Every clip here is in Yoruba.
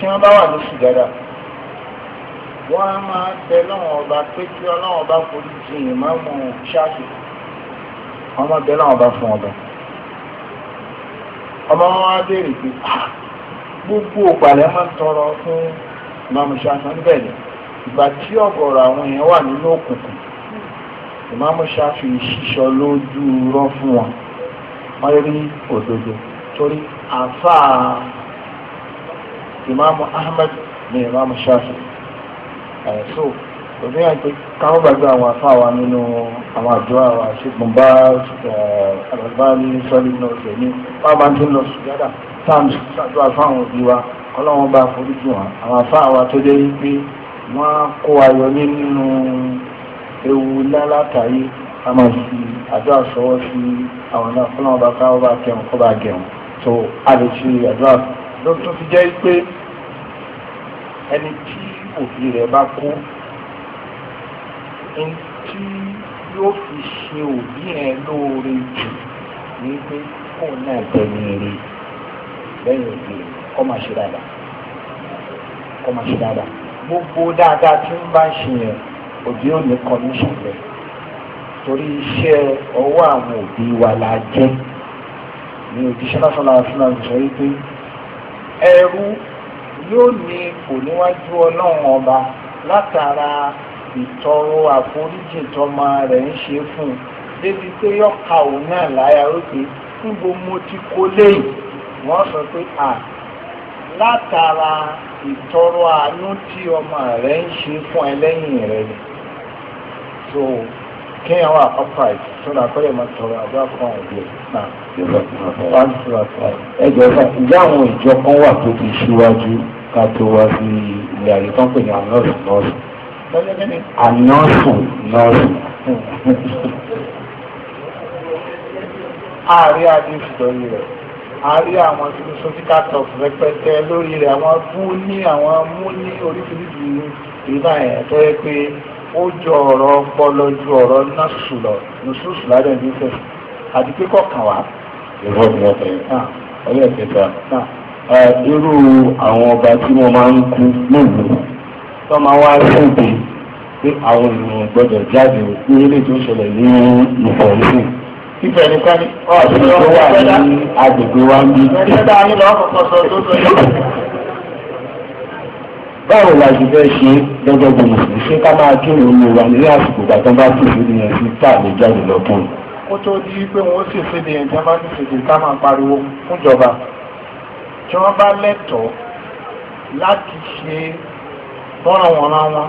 tí wọ́n bá wà ní sùjádà wọ́n á máa bẹ lọ́wọ́n ọba pé kí ọlọ́wọ́n ọba forí jì ìmáàmù ṣáàkì wọ́n máa bẹ lọ́wọ́n ọba fún ọba ọba wọn á béèrè pé ah, gbogbo òpàlẹ́ máa ń tọrọ fún ìmáàmù ṣáàkì níbẹ̀ ni ìgbà tí ọ̀gọ̀rọ̀ àwọn èèyàn wà nínú òkùnkùn ìmáàmù ṣáàkì ṣíṣọ lójú rọ́ fún wọn wọ́n rí òdodo torí àfáà ìmáàmù Ahmed ní ìmáàmù Shafi so òbí yà pé káwọn gbàgbé àwọn afá wa nínú àwọn àjọ àwọn àṣegbọn bá àlàbáni sọlí náà tẹ̀lé wọn máa ń tún lọ sùjádà táàmù sàdúrà fáwọn òbí wa ọlọ́wọ́n bá foríjì wọn àwọn afá wa tó dé wípé wọ́n kó ayọ̀ nínú ewu ńlá a máa fi àdúrà sọwọ́ sí àwọn náà fọlọ́wọ́n bá káwọ́ bá kẹun kọ́ bá gẹun so a lè ṣe àdúrà fún ló tún fi jẹ́ pé ẹni tí òbí rẹ̀ bá kú ní tí yóò fi ṣe òbí yẹn lóore jù ní pé kó náà tẹ̀lé rè lẹ́yìn òbí rẹ̀ kọ́ máa ṣe dáadáa kọ́ máa ṣe dáadáa gbogbo dáadáa tí ń bá ṣe yẹn òbí ò ní commission rẹ̀ torí iṣẹ́ ọwọ́ àwọn òbí wa la jẹ́ ní òjíṣẹ́ náà sọ̀rọ̀ àfihàn ìṣòro pé. ẹrú yóò ní ipò níwájú ọlọ́run ọba látara ìtọrọ àforíjì tọmọ rẹ̀ ń ṣe fún un débi pé ka òun náà láyà ó pé níbo mo ti kó léyìn wọ́n sọ pé à látara ìtọrọ àánú tí ọmọ rẹ̀ ń ṣe fún ẹlẹ́yìn rẹ̀ ni. kéèyàn wà upright so that kọ́lẹ̀ máa tọrọ àbúrò fún àìdíyẹ náà. ẹ jọ sọ ǹjẹ́ àwọn ìjọ kan wà tó ti ṣíwájú ká tó wá sí ilé ayé tó ń pè ní anọ́ọ̀sì nọ́ọ̀sì. anọ́ọ̀sì nọ́ọ̀sì. ààrẹ àdéhùn lórí rẹ̀ àárí àwọn philosophical talks rẹpẹtẹ lórí rẹ̀ àwọn fún ní àwọn mú ní oríṣiríṣi ìgbà ẹ̀ tó yẹ pé ó jọ ọ̀rọ̀ ọpọlọ ju ọ̀rọ̀ nọ́ọ̀sù lọ nùsùsù ládẹ̀ ní sẹ́ àti kíkọ́ kàn wá. ìwọ ni wọn fẹ́ ọyọ ah. ìkẹta ah. ah, irú àwọn ọba tí wọn máa ń kú lóògùn tó máa wá sóde pé àwọn ènìyàn gbọ́dọ̀ jáde ní ilé tó ṣẹlẹ̀ ní ìfọ̀lẹ́sìn ìfẹ́ nìkan ni ọ̀sẹ̀ tó wà ní agbègbè wa ń bí. ẹ̀ṣẹ̀ tá a ń lọ ọkọ̀ sọ tó tó yẹ báwo la ṣe fẹ́ ṣe lọ́jọ́ gbogbo ìṣẹ́ ṣé ká máa kí òun lò wá ní àsìkò ìgbà tó bá tó ìṣèlú yẹn sí tá àlè jáde lọ́kùn. kó tó di pé wọ́n sì ṣèdè yẹn jẹ́ máa ń ṣèdè ká máa pariwo fúnjọba tí wọ́n bá lẹ́tọ̀ọ́ láti ṣe bọ́rànwọ́nra wọn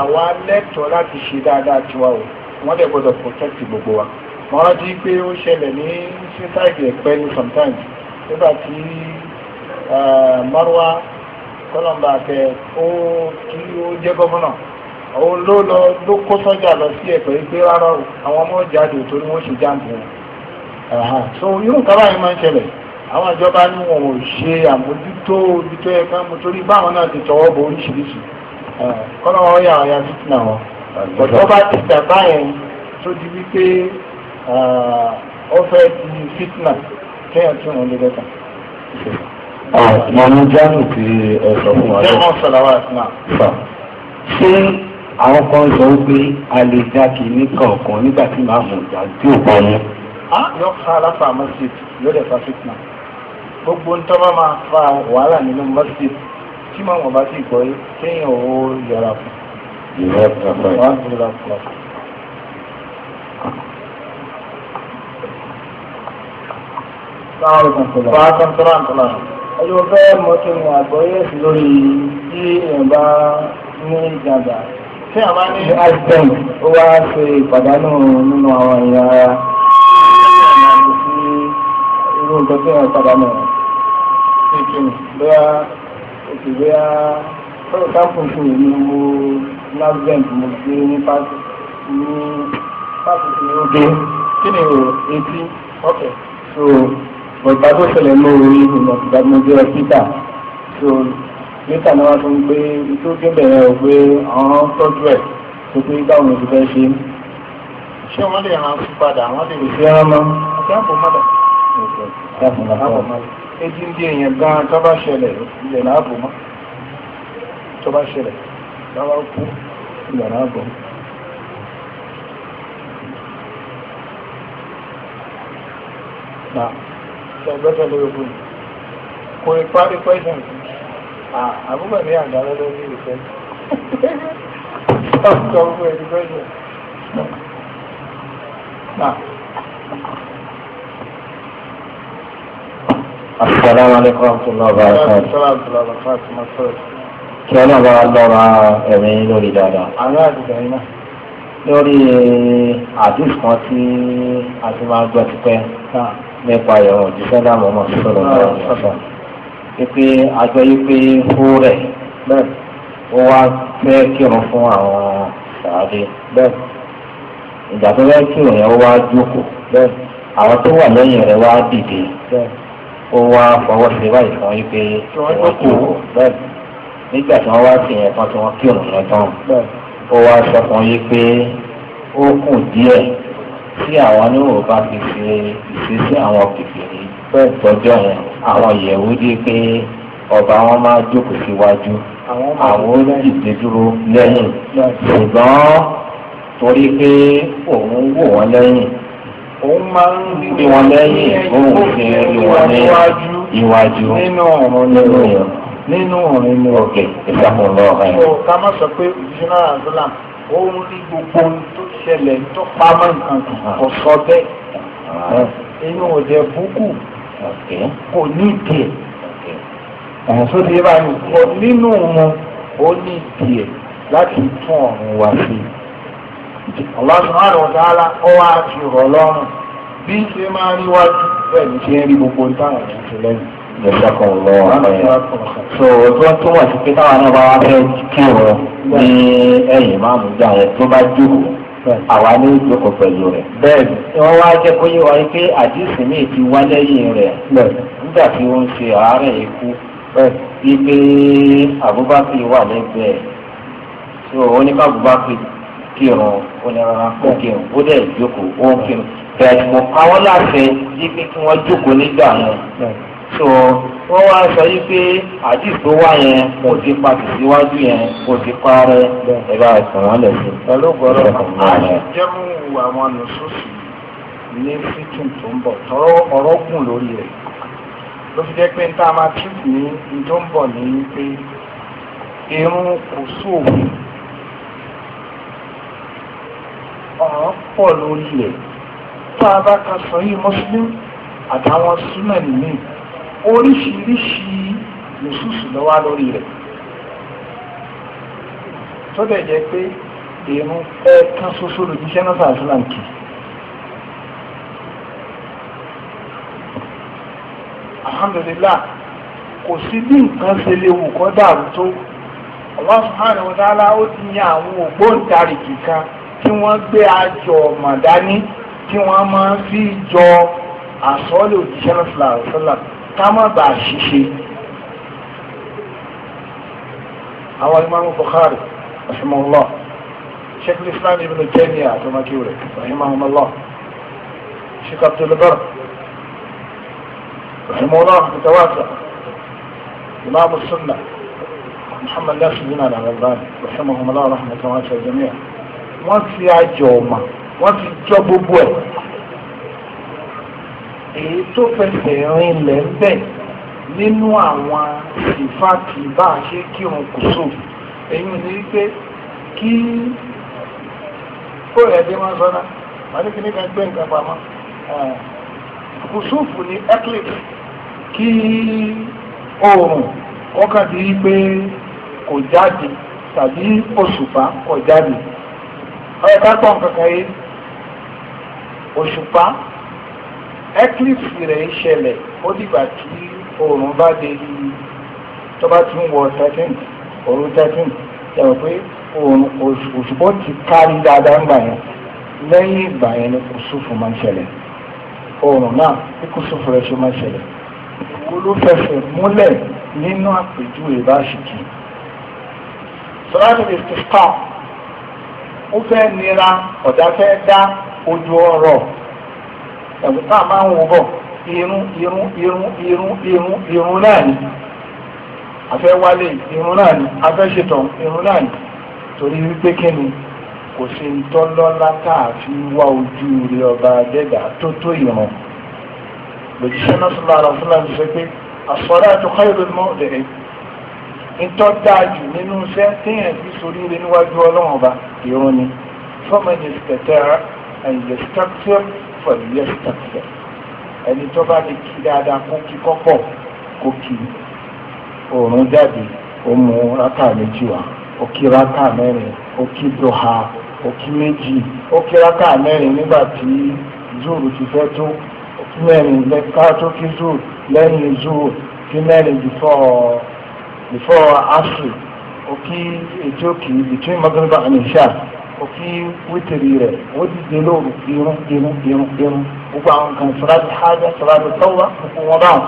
àwa lẹ́tọ̀ọ́ láti ṣe dáadáa tiwa o wọ́n dẹ̀ gbọ́dọ̀ protect gbogbo wa mo rántí pé ó ṣẹlẹ̀ ní sítáìdì ẹ̀pẹ́ ní sometimes nígbà tí eh, Marwa tọ́lọ́mbà tẹ ó kí ó jẹ́ gọ́fúnà òun ló lọ ló kó sọ́jà lọ sí ẹ̀pẹ́ pé rárá àwọn ọmọ jáde torí wọ́n ṣe jáàmù wọn. so irú nǹkan báyìí máa ń ṣẹlẹ̀ àwọn ìjọba ní wọn ò ṣe àmójútó ibi tó yẹ ká mú torí báwọn náà ti tọwọ́ bọ oríṣiríṣi kọ́nà wọn yà ọ̀yà fìtínà wọn. bọ̀dọ̀ bá ti tà báyẹn tó di wípé ó fẹ́ di fìtínà kéèyàn tún wọn lé lẹ́tà. Ah, mo ní jáàmù tí ẹ sọ fún wa. ẹ̀wọ̀n sọ̀làwà àwọn kan sọ wípé a lè dá kí ní kọ̀ọ̀kan nígbà tí màá mú ìjà tí ò bọ́ mú. a yọ fa aláfa masjid yóò dẹ̀ fa fitna gbogbo ń tọ́ bá máa fa wàhálà nínú masjid tí màá wọ̀ bá sì gbọ́ yé kéèyàn ò yọra fún. ìrẹ́ pàpà yìí olùwọ́ fẹ́ mọ kí ni àgbọ́yé sí lórí tí èèyàn bá ní ìjàmbá tí àwọn ní accident ó wá ṣe ìpàdánù nínú àwọn èèyàn ara tí irú nǹkan tí èèyàn pàdánù rẹ̀ kí ni bóyá òkè bóyá fẹ́rẹ̀ káàpùn fún èmi wo lágbẹ̀ǹtì mo gbé ní pásítì ní pásítì ó dé kí ni o etí ọkẹ̀ so bọ̀dá tó ṣẹlẹ̀ lórí ìgbàgbọ́njẹ́ ọ̀sítà so níta ni wọ́n tún gbé tó gbé bẹ̀rẹ̀ ò pé àwọn tọ́jú ẹ̀ tó pé báwọn oṣù fẹ́ ṣe. ṣé wọ́n lè ran sí padà wọ́n lè lè fi ran mọ́. ọ̀sẹ̀ àpò mọ́dà. èjì ń di èèyàn gan-an tó bá ṣẹlẹ̀ ilẹ̀ láàbò mọ́ tó bá ṣẹlẹ̀ láwa kú ilẹ̀ láàbò mọ́. Now celebration lórí ogun kò lè parí question àbúgbà ní àgbàlẹ́ lórí ìfẹ́ ọ̀sọ̀ ogun ẹ̀dí question. Asalaamu alaykum wa rahmatullahi wa barakatuh. Asalaamu alaykum wa rahmatullahi wa barakatuh. Kí ọlọ́run bá lọ́ra ẹ̀mí lórí dáadáa. Àwọn àdìgbà yìí náà lórí àdúgbò kan tí nípa ìrùn òjíṣẹ́ láàmú ọmọ sọ̀rọ̀ lọ́wọ́ wípé àjọ yìí pé ó rẹ̀ ó wá fẹ́ kírun fún àwọn sàádé ìgbà tó fẹ́ kírun yẹn ó wá jókòó àwọn tó wà lẹ́yìn rẹ̀ wá dìde ó wá fọwọ́ sí wáyé fún yín pé wọ́n kú nígbà tí wọ́n wá sí yẹn tán tí wọ́n kírun yẹn tán ó wá sọ fún yín pé ó kù díẹ̀ tí àwọn oníwò bá ti fi ìṣesí àwọn kìkìrì fẹ́ tọ́jọ́ yẹn àwọn yẹ̀wò dé pé ọba wọn máa jókòó síwájú àwọn ó dìde dúró lẹ́yìn ṣùgbọ́n torí pé òun wò wọ́n lẹ́yìn òun máa ń rí wọn lẹ́yìn òun fi rí wọn ní iwájú nínú ọ̀run nínú ọ̀run nínú ọ̀run nínú ọ̀gẹ̀ ìsàmùlọ̀ ọ̀run. ká má sọ pé òṣìṣẹ́ àdúrà òun rí gbogbo tó ṣẹlẹ̀ tó pamọ́ nǹkan kò sọ bẹ́ẹ̀ inú ọ̀dẹ búkú kò ní ìdí ẹ̀ ẹ̀sùn ti bá mi kọ nínú wọn ó ní ìdí láti tún ọ̀run wá sí i Allah subhanahu wa ta'ala ó wá fi rọ̀ lọ́rùn bí ṣe máa rí wájú bẹ́ẹ̀ ni ṣe ń rí gbogbo táwọn ẹ̀sùn lẹ́yìn lọ́sọ̀kan lọ ọ̀rẹ́ so tó túmọ̀ sí pé táwọn náà bá wá fẹ́ kírun ní ẹ̀yìn máàmù jà rẹ̀ tó bá jókòó àwa ní ìjókòó pẹ̀lú rẹ̀. bẹ́ẹ̀ni wọ́n wá jẹ́ kó yé wa pé àdìsí mi ti wá lẹ́yìn rẹ̀ nígbà tí ó ń ṣe àárẹ̀ ikú ipe Abubakar wà lẹ́gbẹ̀ẹ́ so ó ní ká Abubakar kírun ó ní rárá kó kírun ó dẹ̀ jókòó ó ń kírun bẹ́ẹ̀ni mo pa wọ́n láṣẹ yí pé kí wọ́n jókòó nígbà náà so wọ́n wá sọ yí pé àdìs tó wá yẹn kò ti pa tìsíwájú yẹn kò ti parẹ́ ẹ bá ẹ̀sán wọn lẹ̀ sí. pẹ̀lú gbọ́dọ̀ àjẹmú àwọn nùsùsù ní fítùn tó ń bọ̀ tọrọ ọ̀rọ̀ gùn lórí rẹ̀ ló fi jẹ́ pé n tá a máa tún ní n tó ń bọ̀ ní pé irun kò sóòwò ọ̀rọ̀ pọ̀ lórí rẹ̀ tá a bá ka sọ yìí mọ́sílẹ̀ àtàwọn súnmọ̀ nìyí oríṣiríṣi lòṣùṣù ló wà lórí rẹ̀ tó dẹ̀ jẹ́ pé èèmú pẹ́ kan ṣoṣo lòjíṣẹ́ náà sàásùlà kì alhamdulillah kò sí bí nǹkan ṣe lè wù kọ́ dàrú tó Allah subhanahu wa ta'ala ó ti yan àwọn ògbóǹtarìgì kan tí wọ́n gbé àjọ màdání tí wọ́n máa ń fi jọ àsọ́lé òjíṣẹ́ náà sàásùlà. ká má bàa ṣiṣe àwọn imaamu Bukhari rahimahullah sheikh islam ibn Taymiyyah àtọmọkíw rẹ rahimahullah sheikh abdulbar rahimahullah mutawasa imaamu sunna muhammad nasir bin al-Albani rahimahullah rahmatulahi jamiya wọn ti àjọ ọma wọn ti jọ gbogbo ẹ. èyí tó fẹsẹ̀ rin lẹ̀ ń bẹ̀ nínú àwọn ìfàkì bá a ṣe kírun kò sò èyí ni wípé kí kó rẹ̀ dé wọn sọ́nà wọn ní kí ní kan gbé nǹkan pamọ́ kò sófù ní eclipse kí oòrùn ọkàn ti rí pé kò jáde tàbí òṣùpá kò jáde ọ̀rẹ́ ká pọ̀ nǹkan kan yé òṣùpá eclipse rẹ̀ ń ṣẹlẹ̀ ó dìgbà tí oòrùn bá dé bí tó bá ti ń wọ thirteen òru thirteen yàrá pé oòrùn òṣùpọ̀ ti kárí dáadáa ńgbà yẹn lẹ́yìn ìgbà yẹn ni kùsùfù máa ń ṣẹlẹ̀ oòrùn náà bí kùsùfù rẹ̀ ṣe máa ń ṣẹlẹ̀ olúfẹsẹ̀ múlẹ̀ nínú àpèjúwe báṣìkì sọláàtì ìsìnká ó fẹ́ nira ọ̀dà fẹ́ dá ojú ọ̀rọ̀ ẹ̀wù tá a máa ń wò bọ̀ irun irun irun irun irun irun náà ni afẹ́ wálé irun náà ni afẹ́ ṣetọ̀ irun náà ni torí wípé kí ni kò ṣe ń tọ́lọ́lá tá a fi wá ojú rẹ ọba adẹ́gà tó tó ìrun lòjíṣẹ́ náà sọ̀rọ̀ àrà fúnra mi sọ pé àsọ̀rọ̀ àtúkọ́ ìlú mọ́ ọ̀dẹ̀ ntọ́ dáa jù nínú iṣẹ́ téèyàn fi sórí rẹ níwájú ọlọ́run ọba ìrun ni fọ́mọ̀dé tẹ̀tẹ̀ ẹ̀yẹ̀sítọ́tì pẹ̀lú yẹ́sítàkùtà ẹni tó bá ti kí dáadáa kó kí kọ́pọ̀ kó kí òórùn jáde ó mú rákà méjì wá ó kí rákà mẹ́rin ó kí dọ̀ha ó kí méjì ó kí rákà mẹ́rin nígbà tí zúùrù ti fẹ́ tó ó kí mẹ́rin lẹ́ka tó kí zúùrù lẹ́yìn zúùrù kí mẹ́rin before before asri ó kí ètò kì í between magreba and isha òkè wítìrì rẹ̀ ó ti dé lóru irun irun irun irun gbogbo àwọn nǹkan sọ́láàtì hajj sọ́láàtì tọ́wọ́ gbogbo wọn báwọn.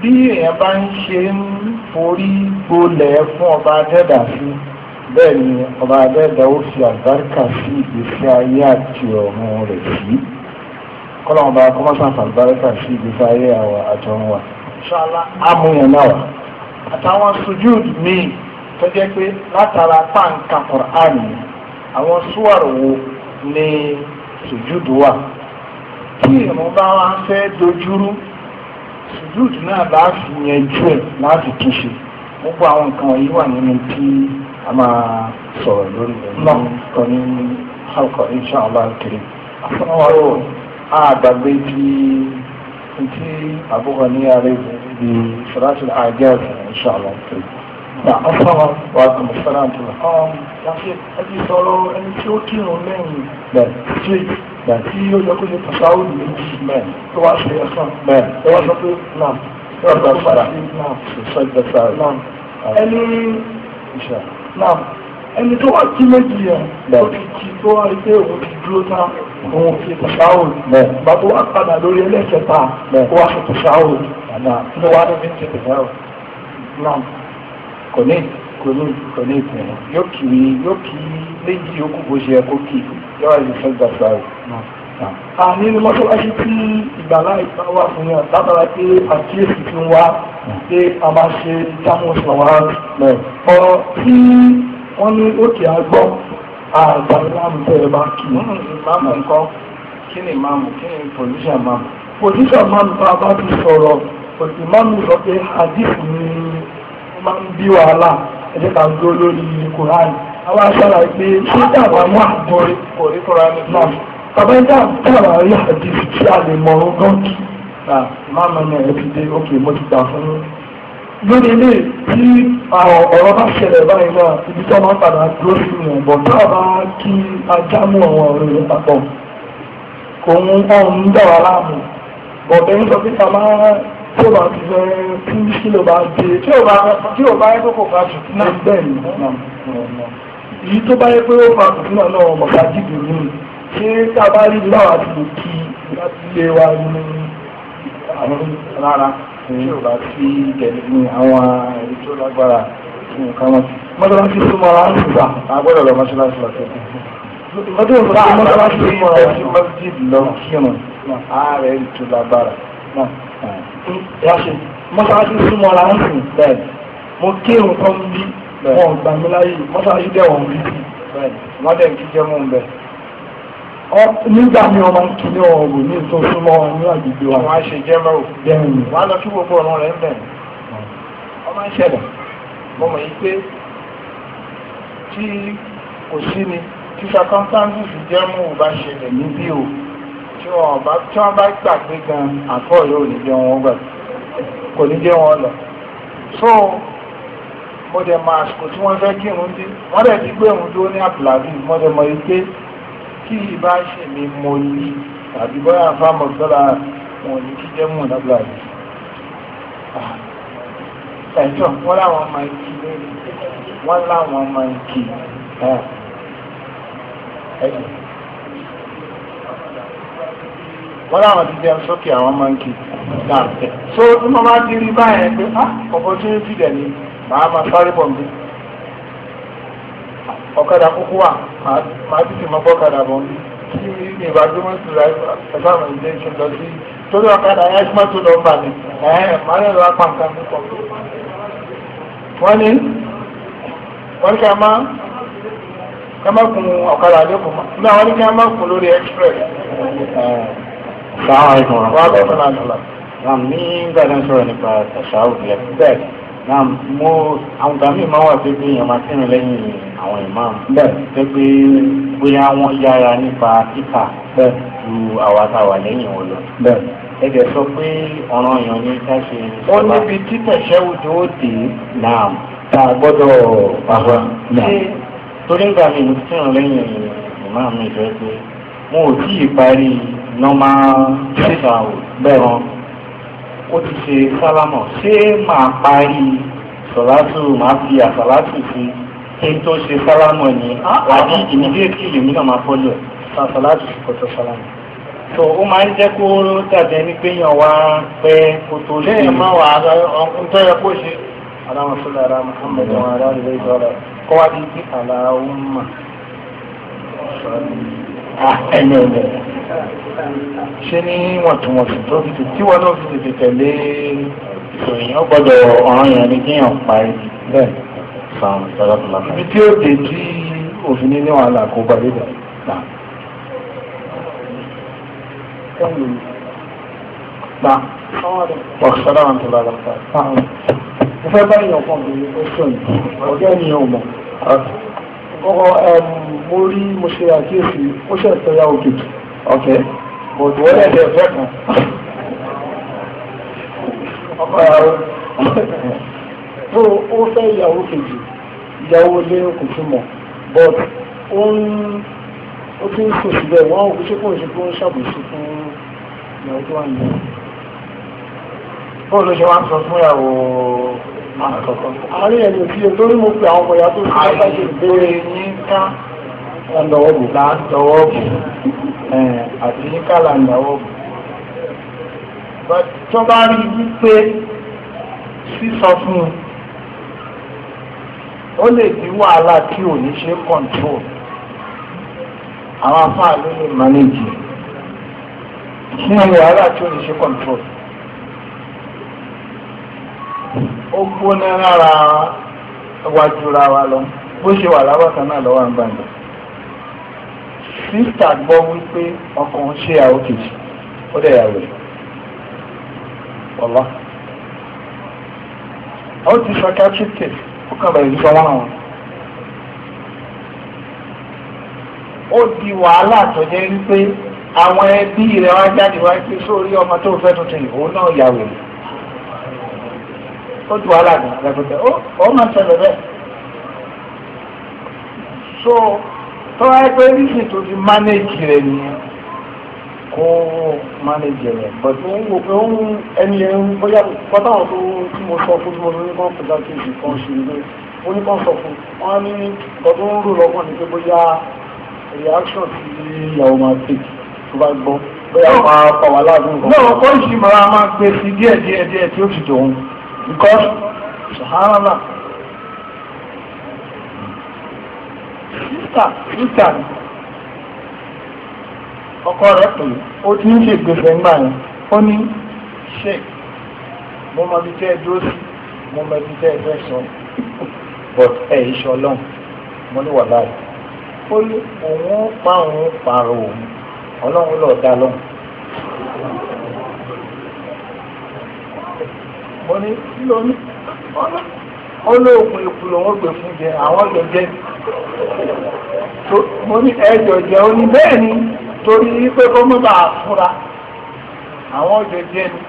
bí èèyàn bá ń ṣe ń forí gbolẹ̀ fún ọba adẹ́dà sí bẹ́ẹ̀ ni ọba adẹ́dà ó fi àlùbáríkà sí ìgbésí ayé àti ọ̀run rẹ̀ sí kọ́lọ́mù bá kọ́mọ́sán àlùbáríkà sí ìgbésí ayé àwọn àjọ wa. ṣọlá amúyàn náà wà àtàwọn sojúd míì tó jẹ́ pé látara pàǹkà Kùránì àwọn súwàrò wo ni sùjúdù wà tí ìrun bá wá fẹ́ dojúrú sùjúdù náà bá fi yẹn jù ẹ̀ láti túnṣe gbogbo àwọn nǹkan wọ̀nyí wà nínú tí a máa sọ̀rọ̀ lórí rẹ̀ náà kọ́ ní halqa insha Allah kiri afọwọ́rọ́ àgbàgbé tí tí àbúkọ ní ààrẹ ibi sọ̀rọ̀ àti àjẹ́ insha Allah kiri. Um, Ẹbí sọ̀rọ̀ ẹni tí ó kírun lẹ́yìn street tí ó yẹ kó ṣe pàṣáwò ní méjì tó wá ṣe ẹ̀sán. Ẹ wá sọ pé náà ẹ wá sọ pé náà ṣe náà. Ẹni náà ẹni tó wá kí méjì yẹn tó ti kí tó wá rí pé òun ti dúró tán òun fi pàṣáwò. Bàbá tó wá padà lórí ẹlẹ́kẹta ó wá ṣe pàṣáwò. Àná ló wá ní ń ṣe pàṣáwò. Náà kò ní kò ní kò ní ìpinnu yóò kì í yóò kì í méjì yòókù bó ṣe yẹ kó kì í yóò wá ìfẹ́ gbàgbà rẹ̀. àní ni mọ́tò wáṣí tí ìgbàlá ìgbà wà fún yàn látara pé àkíyèsí ti ń wá pé a máa ṣe táwọn sọ̀rọ̀ rẹ̀ ọ̀rọ̀ tí wọ́n ní òkè àgbọ̀ àgbàlá mi bẹ̀rẹ̀ máa kì í. ìmáàmù nǹkan kí ni ìmáàmù kí ni pòlíṣàn máàmù pòlíṣàn máàmù bá a bá ti sọ̀rọ̀ ìmáàmù sọ pé àdìsí ni máa ń bí wàhálà ẹ̀jẹ̀ ká dúró lórí kùránì àwọn aṣáára pé ṣé dàbà mú àgbọ̀rí kòrí kùránì náà bàbá ẹ̀dá dàbà rí àdìsí tí a lè mọ ọgán kí máa mọ ẹ̀rọ ti dé ókè mo ti gbà fún yín. lórí ilé tí ọ̀rọ̀ bá ṣẹlẹ̀ báyìí náà ibi tí wọ́n máa padà dúró sí yẹn bọ̀ tá kí ajá mú àwọn ọ̀rẹ́ rẹ̀ papọ̀ kò ń ọ̀hún dàwà láàmú bọ̀dẹ̀ ń sọ pé ta máa tí o bá fẹ́ kí kí ló bá dé tí o bá tí o bá yẹ kó kò fa fìtínà bẹ́ẹ̀ ni èyí tó bá yẹ pé ó fa fìtínà náà bàbá dìbò ní ṣé tá a bá rí náà àti lè kí láti lé wa ní àwọn rárá tí o bá sí tẹ̀lé ní àwọn ètò lágbára fún nǹkan wọn. mọ́tàlásí súnmọ́ ara ń gbà agbọ́dọ̀ lọ mọ́tàlásí lọ sẹ́kù. mọ́tàlásí súnmọ́ ara ń gbà mọ́tàlásí lọ kírun ààrẹ ètò lágbára náà rọ́ṣù mọ́ṣáláṣí súnmọ́ la ń sìn bẹ́ẹ̀ mo kírun tó ń bí wọn gbà mí láyé mọ́ṣáláṣí dẹ̀ wọ́n bí bẹ́ẹ̀ wọ́n dẹ̀ kí jẹ́ mọ́ bẹ́ẹ̀. nígbà mi ọmọ ń kí ní ọ̀rọ̀ ní tó súnmọ́ ní àgbègbè wa. wọ́n á ṣe jẹ́ mẹ́rò. bẹ́ẹ̀ ni wọ́n á lọ kí gbogbo ọ̀rọ̀ rẹ̀ ń bẹ̀. ọmọ ń ṣẹlẹ̀ mo mọ̀ yí pé tí kò sí ni tí circumstances jẹ́ ò bá ṣẹlẹ̀ níbí o tí wọ́n bá tí wọ́n bá gbà pé gan àfọ́ yóò ní jẹ́ wọn gbà kò ní jẹ́ wọn lọ. so mo dẹ̀ mọ àsìkò tí wọ́n fẹ́ kí irun dé wọ́n dẹ̀ ti gbé irun dúró ní abdulhabi mo dẹ̀ mọ ike kí ibà ṣe mi mo ní tàbí bóyá àfàmọ̀ sọ́la wọn ní kí jẹ́ mú ní abdulhabi. ẹ̀jọ̀ wọ́n láwọn máa ń kí lórí wọ́n láwọn máa ń kí wọ́n láwọn ti jẹun sókè àwọn máa ń kí náà so tí mo máa ti rí báyẹn pé ah opportunity dẹ̀ ni màá máa sáré bọ̀ nbí ọ̀kadà kúkú wà màá ti tì mọ́ bọ́kadà bọ̀ nbí tí mi ìbá dúró sí ẹ̀fọ́ àwọn ìdílé ṣe lọ sí torí ọ̀kadà ẹ̀ ṣe mọ́tò lọ bà mí ẹ̀ màá lè lọ apá nǹkan mi pọ̀ wọ́n ní wọ́n ní ká má kun ọ̀kadà lẹ́kùn mọ́ ní ní ká má kun lórí express. Sàwọn àìsàn wọn. Wọ́n bẹ̀rẹ̀ náà nígbà. Náà ní gbàdán sọ̀rọ̀ nípa ṣàṣàwò ilẹ̀. Bẹ́ẹ̀ náà mo àwọn kan míì máa wà pé pé èèyàn máa kírun lẹ́yìn àwọn ìmáàmù. Bẹ́ẹ̀ pé pé bóyá wọ́n yára nípa kíkà. Bẹ́ẹ̀ ju àwa tá a wà lẹ́yìn wọn lọ. Bẹ́ẹ̀ ẹ̀jẹ̀ sọ pé ọ̀ràn èèyàn ní ká ṣe. Wọ́n níbi títẹ̀ ṣẹ́wùdí ó dé. Náà tá a gbọ́dọ̀ pàrọ̀. Ṣé torí ń gbà mí mo ti kírun lẹ́yìn ìmáàmù ìjọ pé mo ò tíì normal seven hours bẹ́ẹ̀ wọn ó ti ṣe sálámọ̀ ṣé màá parí sọ̀látù màá fi àsàlátù fún kí n tó ṣe sálámọ̀ ni àbí immediately lèmi náà máa fọ́lọ̀ àsàlátù kò tó sálámọ̀ so ó máa ń jẹ́ kó dàbí ẹni pé yàn wá pẹ́ kó tó ṣe. lẹ́yìn máa wà á ọkùnrin tó yẹ kó ṣe. aláwọ̀ sọ́lá ara muhammed wa aráàlú lẹ́yìn tó rẹ̀ kọ́wádìí kí àlàó mà. Ah, ẹni ọ̀lẹ ṣé ní wọ̀ntúnwọ̀nsì tó fi tí wọ́n lọ fi tètè tẹ̀lé ìròyìn ọgbọ́dọ̀ ọ̀ràn yẹn ni kéèyàn parí bẹ́ẹ̀ sàn tọ́lọ́tọ́lá. ibi tí ó dé tí òfin ní wàhálà kó gbàgbé dà. Nah, wàhálà wà tó lára. Mo fẹ́ bá èèyàn kan bèrè ó sọ̀rọ̀, hmm. ọ̀gá ènìyàn ò mọ̀. Um, mo rí mo ṣe àkíyèsí ó ṣe ìtọ́ya òkè. ok mo dùn ọ́lẹ̀ dẹ̀ fẹ́ kan. ọkọ ìyàwó tó um, ó fẹ́ ìyàwó kejì ìyàwó lé kò tún mọ̀ but ó ń ó ti ń sùn síbẹ̀ wọ́n ò ṣe kó ṣe kó ń ṣàbòsí fún ìyàwó tó wà nínú. bóòlù ṣe wá ń sọ fún ìyàwó àárín ẹ̀yìn òbí olórí mo pe àwọn ọmọ ìyá tó ti bá ṣe ìbéèrè yínká lọ́wọ́ bù lọ́wọ́ bù àti yínká là ń lọ́wọ́ bù. tó bá rí wípé sísọ fún un ó lè di wàhálà tí ò ní ṣe control àwọn afáàlú lè manage fún wàhálà tí ò ní ṣe control. ó gbóná lára wájúra wa lọ bó ṣe wà lábàtàn náà lọ́wọ́ àgbàdo sísà gbọ́ wípé ọkàn ṣe àwọn kejì ó dẹ̀ yàwó rẹ̀ ọ̀la ó ti psychiatric case ó kàn bẹ̀rẹ̀ sí fọwọ́n àwọn ó di wàhálà tó jẹ́ wípé àwọn ẹbí rẹ̀ wá jáde wá pé sórí ọmọ tó fẹ́ tuntun ìhòòhò náà yàwó rẹ̀ ó ju wàhálà ní ìgbàgbọ́dẹ ó ó máa ń ṣẹlẹ̀ bẹ́ẹ̀. so tọ́wọ́ ẹgbẹ́ rísì tó fi mánéjì rẹ̀ nìyẹn kó mánéjì rẹ̀ but ó ń wò pé ó ń ẹni ẹ̀ ń bóyá pátá àwọn tó tí mo sọ fún tí mo ní kàn fún dájú ìdí kan ṣe ní ó ní kàn sọ fún wọn ní ọdún ń rò lọ́gbọ̀n ní pé bóyá reaction ti ìyàwó máa tètè tó bá gbọ́ bóyá máa pàwọ́ aláàbò nǹkan. náà ó kọ́ ìṣìmọ̀ra máa gbé sí díẹ̀ díẹ̀ díẹ̀ tí ó fi dòun because subhanallah níta níta ọkọ rẹ̀ pè ó ti ń ṣègbèfẹ́ ńgbà yẹn ó ní sheik mo mọ ibi tẹ́ ẹ dúró sí mo mọ ibi tẹ́ ẹ fẹ́ sọ but ẹ yìí sọ lọ́hùn mo ní wà láàyè ó ní òun pa òun pààrọ̀ òun ọlọ́run lọ́ọ́ dá lọ́hùn. mo ní kí ló ní ó lóògùn ikú lòun ó gbé fún jẹ àwọn ọjọ jẹ mo ní ẹjọ jẹ ó ní bẹ́ẹ̀ ni torí wípé kó mọ́ bá a fúnra àwọn ọjọ jẹ ni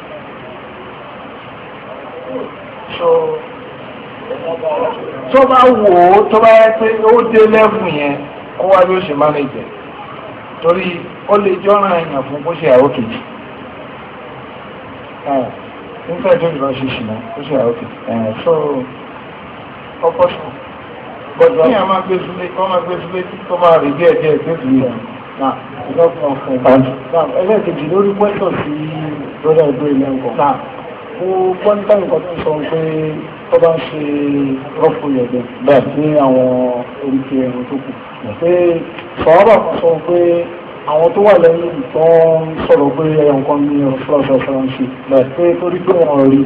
tó bá wò ó tó bá yẹ pé ó dé lẹ́fù yẹn kó wá bí ó ṣe má lè jẹ torí ó lè jọ́ràn èèyàn fún bó ṣe àwọn kejì ń fẹ́ tó ìbá ṣe ṣìnà ó ṣe àókè so ọkọ sùn bọ́dọ̀ ní àwọn agbésúlé wọ́n máa gbésúlé tí kò máa rí díẹ̀ díẹ̀ tó ti yẹ náà ìlọ́pọ̀ ọ̀kan ẹlẹ́ẹ̀kejì lórí pẹ́tọ̀ sí lọ́dọ̀ ìgbé ilẹ̀ ńkọ náà ó pọ́ńtà nǹkan tó sọ pé tó bá ń ṣe rọ́pò yẹ̀dẹ̀ bẹ́ẹ̀ ní àwọn oríkèé ẹ̀rọ tó kù pé sọ̀rọ̀ kan sọ pé àwọn tó wà lẹ́yìn tó ń sọ̀rọ̀ pé ẹyọ nǹkan ní ọ̀sọ̀rọ̀ ọ̀sọ̀rọ̀ ń ṣe pé torí pé wọ́n rí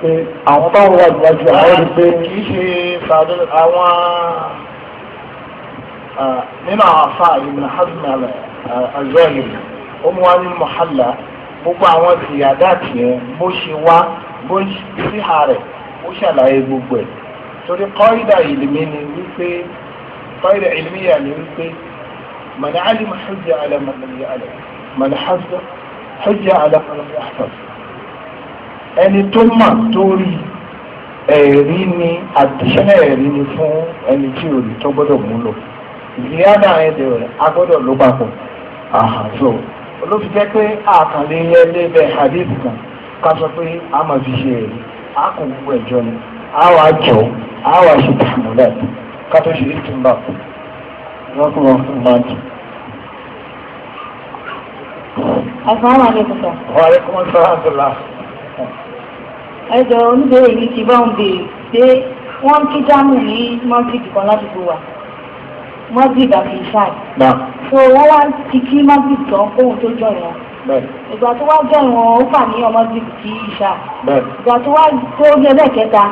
pé àwọn táwọn wà níwájú àwọn rí pé kì í ṣe sàdé àwọn nínú àwọn afa ibn hazm al-azali ó ní muhalla gbogbo àwọn tìyàdá tiẹ̀ bó ṣe wá bó síhà rẹ̀ ó ṣàlàyé gbogbo ẹ̀ torí kọ́ìdà ìlìmí ni wípé kọ́ìdà ìlìmí yà ni wípé. من علم حج على من لم يعلم من حفظ حج على من لم يحفظ ẹni tó mà tó ẹ̀rí ni àdìsẹ́nà ẹ̀rí ni fún ẹni tí ò rí tó gbọ́dọ̀ mú lò ìyáàdà ẹ̀dẹ̀ rẹ̀ a gbọ́dọ̀ ló bá pọ̀ àhàzọ́ olófin jẹ́ pé àkànlé yẹn bẹ́ẹ̀ hadith kan ká sọ pé a fi ṣe ẹ̀rí a ni a jọ a Asalaamualeykum sir. Wa aleykum asalaam. Ẹ jọ oníbẹ̀rẹ̀ yìí ti bá ń béèrè pé wọ́n kí jámù ní mọ́sídì kan ládùúgbò wa mọ́sídì àti ìṣáì. So wọ́n wá ti kí mọ́sídì tán kóhun tó jọ̀yàn ìgbà tó wá gẹ̀rùn ó fà ní ọmọ ti ti ìṣà ìgbà tó wá tó ní ẹlẹ́kẹta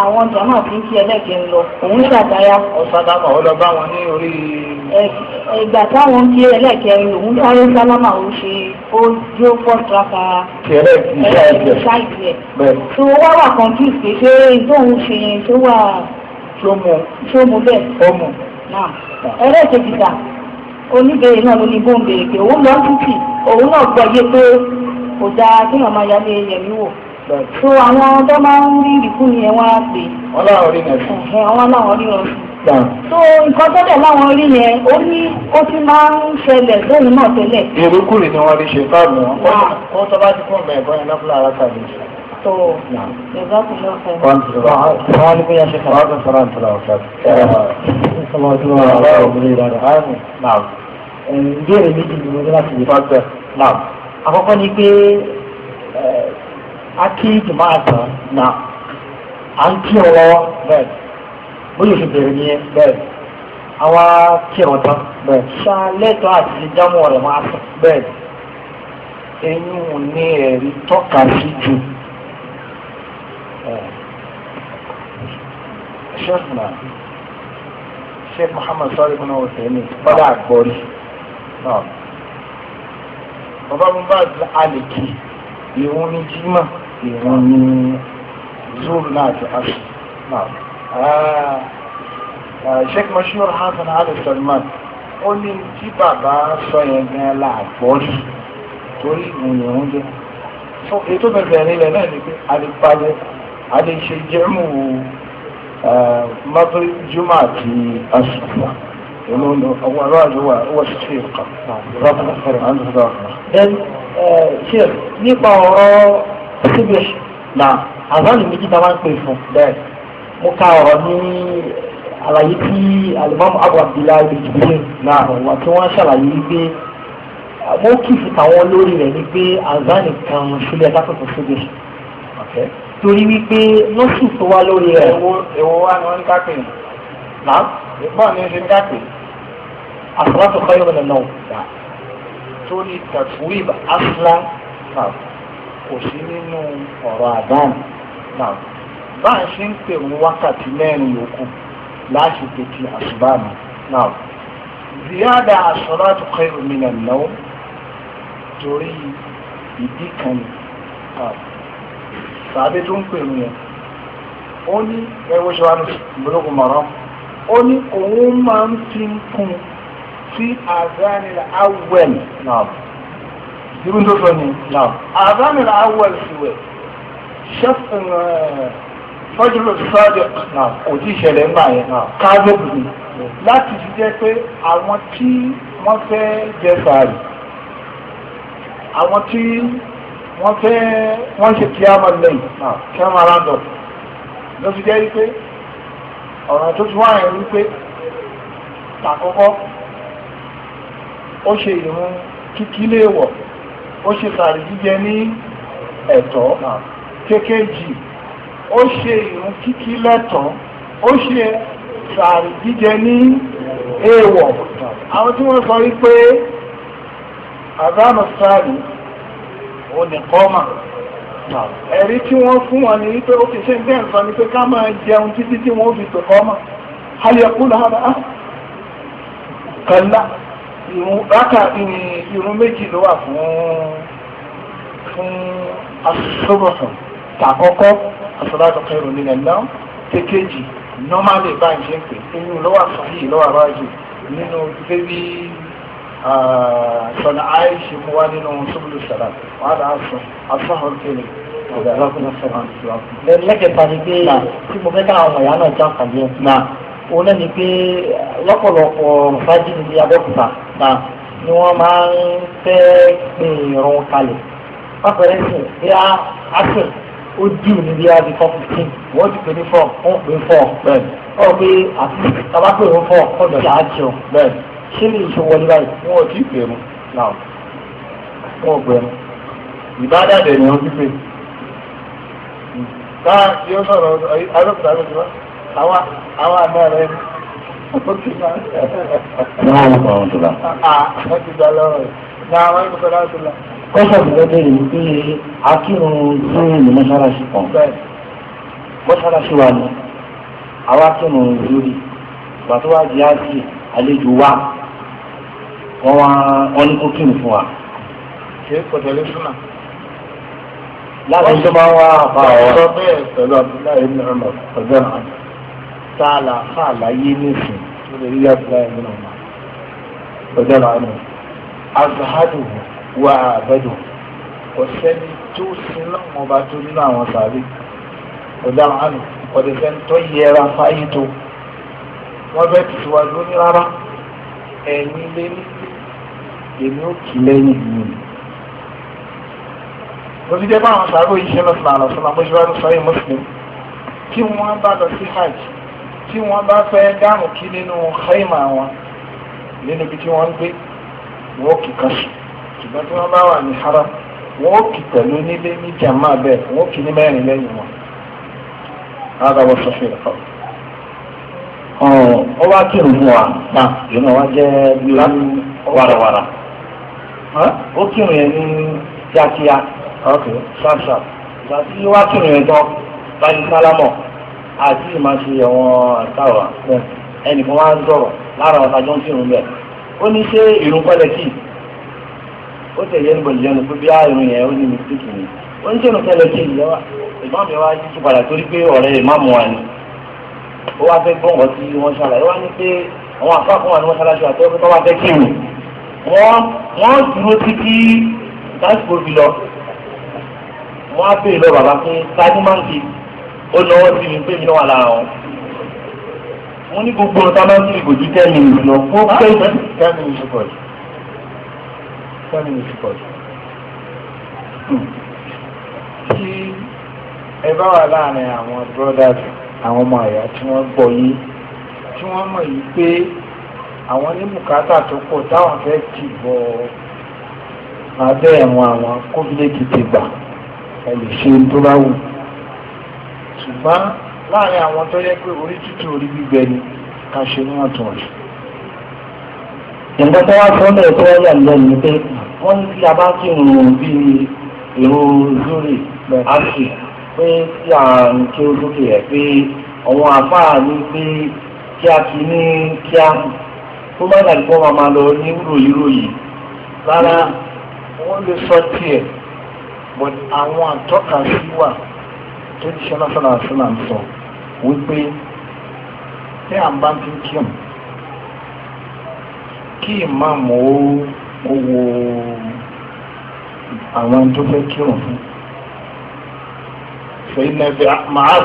àwọn jàmá fi ń ti ẹlẹ́kẹrin lọ òun ṣàdáyà. ọ̀sádámà ọlọ́ba wọn ní orí. ìgbà táwọn ń ti ẹlẹ́kẹrin òun sáré sálámà ó ṣe ó jó fọ́ tiraka ẹlẹ́kẹ̀ẹ́ṣá ìbílẹ̀ tó wá wà confused pé ṣé tóun ṣe yẹn tó wà. ṣó mu bẹ́ẹ̀. ọmọ. ẹlẹ́kẹ̀ẹ́ oníbèrè náà ló ní bó bèrè pé òun lọ títì òun náà gbọ́ yé pé kò dáa kí ya wò. so àwọn tó máa ń rí ìrìkúni ẹ̀ wọ́n á pè. wọ́n láwọn rí yẹn sí. wọ́n so nǹkan tó láwọn rí yẹn ó ní ó ti máa ń ṣẹlẹ̀ lónìí náà tẹ́lẹ̀. ìrìkúni ni wọ́n rí ṣe fáàmù wọn. wọ́n tó bá ti fún ọmọ ẹ̀gbọ́n yẹn lọ́kùnrin تو نعم جزاكم الله خير وعليكم يا شيخ وعليكم السلام ورحمة الله وبركاته نعم ìbéèrè méjì ni mo ní láti yẹ. pàṣẹ náà. àkọ́kọ́ ni pé a kí jùmọ̀ àtàn náà à ń kí ọ lọ́wọ́ bẹ́ẹ̀ bóyá oṣù bẹ̀rẹ̀ nìyẹn bẹ́ẹ̀ àwa kí ọ tán bẹ́ẹ̀ ṣá lẹ́tọ̀ọ́ àti jámọ̀ rẹ̀ máa tán bẹ́ẹ̀ ẹ̀yìn òní ẹ̀rí tọ́ka sí ju. ṣẹ́fùnà ṣẹ́fù Muhammad sọ́ọ́lì fún àwọn òṣèlú bọ́dà àgbọ̀rí bàbá mi bá àlèkè ìwọ̀n ní jimá ìwọ̀n ní zuru náà ti aṣọ ah, ah, sheikh mashur hasan ali salman ó ní tí bàbá sọ yẹn gan láàgbọ́rí torí ìrìn oúnjẹ ètò bẹ̀rẹ̀ nílẹ̀ náà ni pé a lè palẹ̀ a lè ṣe jẹ́mú o mọ́tò jùmọ̀ àti àṣùwà ọwọ́ aláàjọwà ọwọ́ ṣíṣe ìkà rọ́pùpùpù àǹtọ̀dọ̀. then ṣe nípa ọ̀rọ̀ síbẹ̀ na àzáàlì méjì tá a máa ń pè fún bẹ́ẹ̀ mo ka ọ̀rọ̀ ní àlàyé tí alimami abu abdullahi ibn jibril na ọ̀wà tí wọ́n ṣàlàyé wípé mo kì í fi tàwọn olórí rẹ̀ ni pé àzáàlì kan sílẹ̀ lápapọ̀ síbẹ̀ torí wípé lọ́sù tó wá lórí rẹ̀. èwo wa ni wọ́n ń kápẹ́ yìí náà ìpọ́ ni ṣe ń kápẹ́ àsàlátù kọ́ yóò lọ́nà òkúta torí tàfúrìb asla kò sí nínú ọ̀rọ̀ àdáni náà bá a ṣe ń pèrò wákàtí mẹ́rin yòókù láti tètè àṣùbà mi ziyada àsàlátù kọ́ yóò lọ́nà òkúta torí ìdí kan náà sàbẹ tó ń pè mí yẹn ó ní ẹwọ ṣe wà ní ìgbòlógún mọ̀rán ó ní òun máa ń fi ń kún sí àzánilà awẹ́l náà irú tó sọ ni náà àzánilà awẹ́l sì wẹ̀ ṣẹ́fìn fọ́júlò sọ́dẹ̀ náà kò tí ì ṣẹlẹ̀ ńgbà yẹn náà káàdóbù láti fi jẹ́ pé àwọn tí wọ́n fẹ́ jẹ sàárì àwọn tí wọ́n fẹ́ wọ́n ṣe kí á máa lẹ́yìn ah, kí á máa ráńdọ̀ ló fi jẹ́ wípé ọ̀ràn tó ti wá yẹn wípé tàkọ́kọ́ ó ṣe ìrun kíkí léèwọ̀ ó ṣe sàrí jíjẹ ní ẹ̀tọ́ ah, kékèjì ó ṣe ìrun kíkí lẹ́tọ̀ọ́ ó ṣe sàrí jíjẹ ní èèwọ̀ ah, àwọn tí wọ́n sọ wípé àbámu sáré ó ní kọ́mà ẹ̀rí tí wọ́n fún wọn ní pé ó ti ṣe bẹ́ẹ̀ sọ ni pé ká máa jẹun títí tí wọ́n fi pè kọ́mà alẹ́kú lára á kàlá rákà irun méjì ló wà fún fún asọ́bọ̀sán tàkọ́kọ́ asọ́lájọ kẹrù nílẹ̀ náà kékejì normally báyìí ṣe ń pè é lọ́wọ́ àfààní lọ́wọ́ àbájú nínú gẹ́gẹ́ bíi sọ̀nà àìṣe mú wá nínú ṣubúlù sàlá wà á sùn asáhùn kiri ọ̀gá alákùnrin sọ̀rọ̀ àti ìwà. lẹ́kẹ̀ẹ́ta ni pé tí mo fẹ́ káwọn ọmọ ìyá náà já pàdé ẹ̀ òun náà ni pé lọ́pọ̀lọpọ̀ fájì níbi abẹ́òkúta ni wọ́n máa ń fẹ́ pé ìrún kalẹ̀ pápẹ́rẹ́ sìn bí a àṣẹ ó dì níbi àbí four fifteen wọ́n ti pè ní four wọ́n pè ní four bẹ́ẹ̀ ọ̀ pé àti tabapẹ̀ kíni ìṣòwòlì báyìí wọn ò tí ì pèrú náà wọn ò pèrú ìbádàdẹ ni wọn ti pè bá tí ó sọ̀rọ̀ arọ́pùtà ló ti wá àwa àwa àmọ́ ni ó ti máa ń sẹ́yìn. wọ́n ń sọ̀rọ̀ tó la. wọ́n ti gbà lọ́rọ̀ náà wọ́n ń sọ̀rọ̀ tó la. kọ́sọ̀ mi lọ́dẹ̀ rẹ̀ pé akírun zúrù ní mọ́ṣáláṣí kan mọ́ṣáláṣí wa ni àwa akírun zúrù pàtó wa di àti àlejò wa wọ́n wá wọ́n ní kókìnì fún wa. ṣé pọ̀tẹ́lẹ́ súnà. láti ṣe máa ń wá àbá ọ̀rọ̀. ọ̀rọ̀ bẹ́ẹ̀ pẹ̀lú abdullahi ibn umar ọ̀gbẹ́ náà tá a là fà láyé nísìn tó lè rí abdullahi ibn umar ọ̀gbẹ́ náà nù. azahadu wà abẹ́dù ọ̀sẹ́ni tó sin náà wọn bá tó nínú àwọn sàbí ọ̀gbẹ́ náà nù ọ̀dẹ̀sẹ̀ ń yẹra fáyé tó wọ́n bẹ́ẹ̀ tẹ̀síwájú ní rárá ẹ̀yin lé ní èmi ò kì lẹ́yìn mi. mo ti jẹ́ báwọn sàárò yìí ṣe lọ́sùn àlọ́sùn àmọ́ ìṣúra ló sọ yìí mùsùlùmí tí wọ́n bá lọ sí hajj tí wọ́n bá fẹ́ dáhùn kí nínú xeyìmà wọn nínú ibi tí wọ́n ń gbé wọ́n kì kan sùn ṣùgbọ́n tí wọ́n bá wà ní haram wọ́n kì pẹ̀lú nílé ní jàmbá bẹ́ẹ̀ wọ́n kì ní mẹ́rin lẹ́yìn wọn. هذا هو الصحيح القول náà ó kírun mú wa pa ìrun náà wá jẹ́ bí warawara ó kírun yẹn ní kíákíá ṣáṣá ìgbà wá kírun yẹn tán báyìí sálámọ̀ àti ìmọ̀ ṣe àwọn àtàwà ẹnìkan wá ń sọ̀rọ̀ lára ọ̀tá ń kírun bẹ́ẹ̀ ó ní ṣé ìrun pẹ́lẹ́ kì í ó tẹ̀lé ẹnìbọ̀ lẹ́nu pé bí àrùn yẹn ó ní mi sí kìíní ó ní ṣé ìrun pẹ́lẹ́ kì í ìmáàmù yẹn wá yí ó wá fẹ́ gbọ́ nǹkan tí wọ́n ṣàlàyé wá ní pé àwọn àfáàfún wa ni wọ́n ṣàlàyé àti ọ̀pẹ́ tó wá fẹ́ kírun wọ́n wọ́n dúró títí lásìkò fi lọ wọ́n á béèrè lọ bàbá fún tájú máa ń kí ó lọ wọ́n sí mi pé mi náà wà lára wọn. mo ní gbogbo ọ̀tá máa ń kí ìgòjú ten minutes lọ fún pé ten minutes pọ̀jù ten minutes pọ̀jù àwọn ọmọ àyà tí wọ́n gbọ́ yé tí wọ́n mọ̀ yìí pé àwọn ní bùkátà tó pọ̀ táwọn fẹ́ ti bọ̀ abẹ́ ẹ̀wọ̀n àwọn kóbílẹ́ẹ̀kì ti gbà ẹ lè ṣe tó bá wù ṣùgbọ́n láàrin àwọn tó yẹ pé orí tútù orí gbígbẹ ni ká ṣe ní wọ́n tún rẹ̀. nǹkan tó wá fún ẹ̀ tó yà lẹ́nu ni pé wọ́n ní kí a bá kí ìrùn bíi èrò lórí àṣì pé tí a ń ké lókè rẹ̀ pé àwọn pé kí a kì í ní kí a tó bá dàbí kó máa máa lọ ní ròyìnròyìn rárá wọ́n lè sọ tiẹ̀ but àwọn àtọ́ka wà tó ti ṣe àṣìlá ń sọ wípé tí à ń فإن في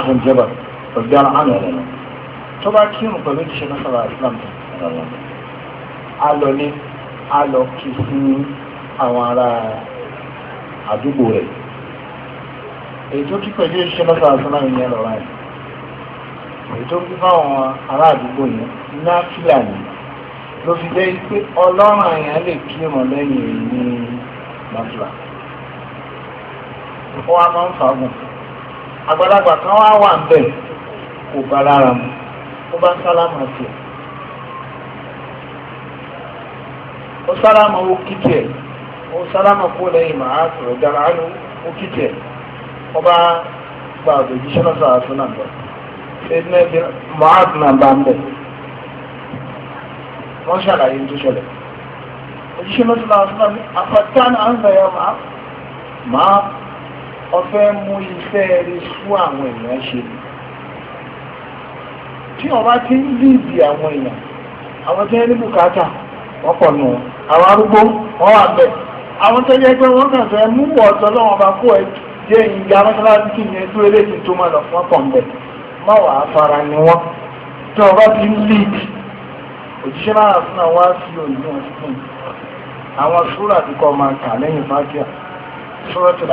بن جبل رضي الله عنه tó bá kírun pẹ̀lú ìṣẹ́ náà sábà Islam a lọ ní a lọ kí fún àwọn ará àdúgbò rẹ̀ èyí tó kí pẹ̀lú ìṣẹ́ náà sábà Islam yẹn lọ́ra ẹ̀ èyí tó kí fáwọn ará àdúgbò yẹn ná fílàní ló fi jẹ́ pé ọlọ́run àyàn lè kírun lẹ́yìn ní nàfìlà ó wá máa ń fagùn. àgbàlagbà kan wá wà ń kò bá lára mu ó bá ń sálámà tiẹ̀ ó sálámà ó kí ó sálámà kó lẹ́yìn màá sọ̀rọ̀ dára á ó kí ó bá gba òjíṣẹ́ náà sọ̀rọ̀ àtúnà bọ̀ ṣé ní ẹbí màá àtúnà bá ń bẹ̀ wọ́n ṣàlàyé tó ṣẹlẹ̀ òjíṣẹ́ náà sọ̀rọ̀ àtúnà bọ̀ àfàtàn ọ̀fẹ́ mú iṣẹ́ rí fún àwọn èèyàn ṣe ni tí wọ́n bá ti ń líìdì àwọn èèyàn àwọn tí wọ́n ní bùkátà wọ́n pọ̀ nù àwọn arúgbó wọ́n wà bẹ́ẹ̀ àwọn tó yẹ pé wọ́n kàn fẹ́ mú wọ̀ ọ̀tọ̀ lọ́wọ́ bá kó ẹ jẹ́ ìyá mọ́sálásí kì í yẹn tó eléyìí tó máa lọ wọ́n pọ̀ nbẹ̀ má wàá fara ni wọ́n tí wọ́n bá ti ń líìdì òjíṣẹ́ náà fún àwọn wá sí òyìnbó àwọn sùúrù máa kà lẹ́yìn fátíà sùúrù tó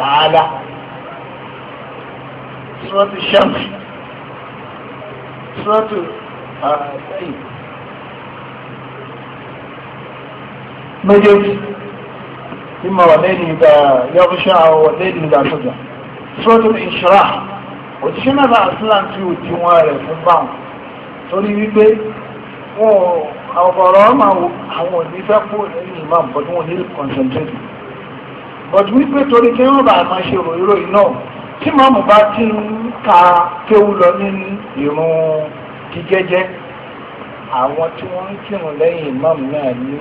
suratu shams suratu àtẹyìn uh, méjèèjì tí mo wà lẹ́yìn ìgbà yọ̀ọ́ṣà wà lẹ́yìn ìgbà tó jà suratu ìṣúra òṣìṣẹ́ náà bá aslan tí ò ti wọn rẹ̀ fún báwọn torí wípé wọn ọ̀gọ̀rọ̀ ọmọ àwọn òní fẹ́ kó lẹ́yìn imam but wọn ò ní concentrate but wípé torí kí wọ́n bá máa ṣe ròyìnròyìn náà tí màmú bá ti ń ka kéwú lọ nínú ìrun jíjẹ́jẹ́ àwọn tí wọ́n ń kírun lẹ́yìn màmú náà ní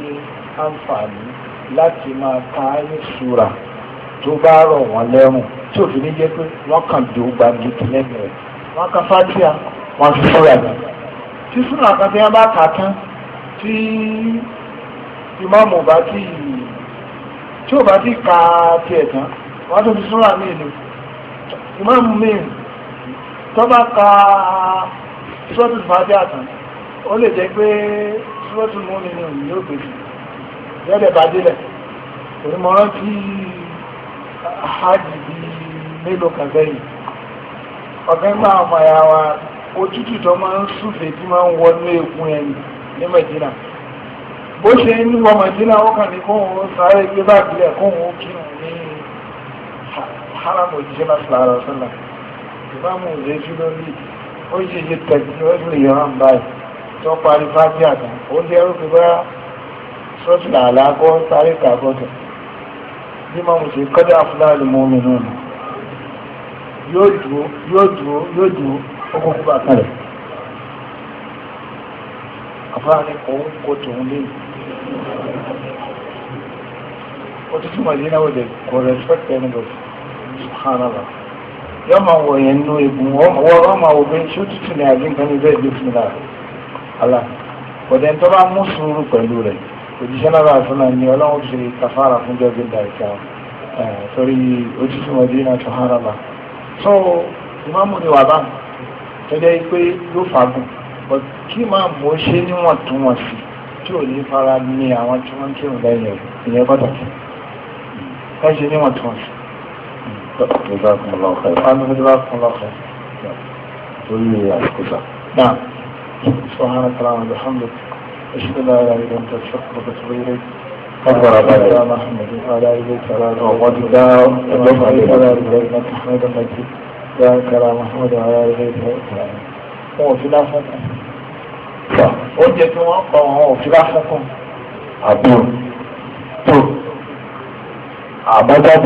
àǹfààní láti máa ka ayé sura tó bá rọ̀ wọ́n lẹ́rùn tí òfin ní jẹ́ pé wọ́n kàn dé ó gbàgbé tó lẹ́nu rẹ̀ wọ́n ka fátíà wọ́n fi sura yẹn tí sura kan fi hàn bá kà tán tí ìmàmù bá ti tí ò bá ti ka tiẹ̀ tán wọ́n tó fi sura mí ni imam mi tó bá ka suratul fatiha tán ó lè jẹ́ pé suratul mu'minun ni yóò gbèsè lọ́dẹ̀ bá délẹ̀ onímọ̀ rántí hajj bí mélòó kan sẹ́yìn ọ̀kan gbà ọmọ ẹ̀yà wa òtútù tó máa ń súfè tí máa ń wọnú èkún ẹ̀yìn ní Mẹ̀dínà bó ṣe ń wọ Mẹ̀dínà ó kàn ní kóhùn sáré gbé bá ìbílẹ̀ kóhùn ó kírun ní haramu òjíṣẹ́ náà sọ̀rọ̀ àrọ̀ sọ̀nà ìmáàmù òjé jù lórí ó ṣe ṣe tẹ̀sí ọdún ìran báyìí tó parí fájí àná ó ní ẹrú fi bá sọ́ọ̀tì làálá gọ́ sáré kà gọ́dọ̀ bí máa mú ṣe kọ́dọ̀ fúlàní mú mi nù nù yóò dúró yóò dúró yóò subhanallah yóò máa wọ yẹn nínú egun wọ́n máa wọ bẹ́ẹ̀ ṣó tútù ní àbí nǹkan ní bẹ́ẹ̀ bí fún lára ala kọ̀dẹ̀ tó bá mú sùúrù pẹ̀lú rẹ̀ òjíṣẹ́ náà bá fún mi ọlọ́run ṣe kàfàrà fún jọ́gbìn dàríkà sórí ojútùú Mọdínà subhanallah so ìmáàmù ni wà bá tó jẹ́ pé yóò fagùn kí ìmáàmù ó ṣe níwọ̀ntúnwọ̀nsì tí ò ní fara ní àwọn tí wọ́n ń kírun lẹ́yìn ìyẹn pàtàkì ẹ ṣe níwọ̀ntúnwọ̀nsì. جزاكم الله خير أنا جزاكم الله خير واللي يا كلها نعم سبحانك اللهم وبحمدك أشهد أن لا إله إلا أنت أستغفرك وأتوب إليك أكبر على محمد وعلى إليك على وعليك على إليك أنت حميد مجيد بارك على محمد وعلى إليك هو في لحظة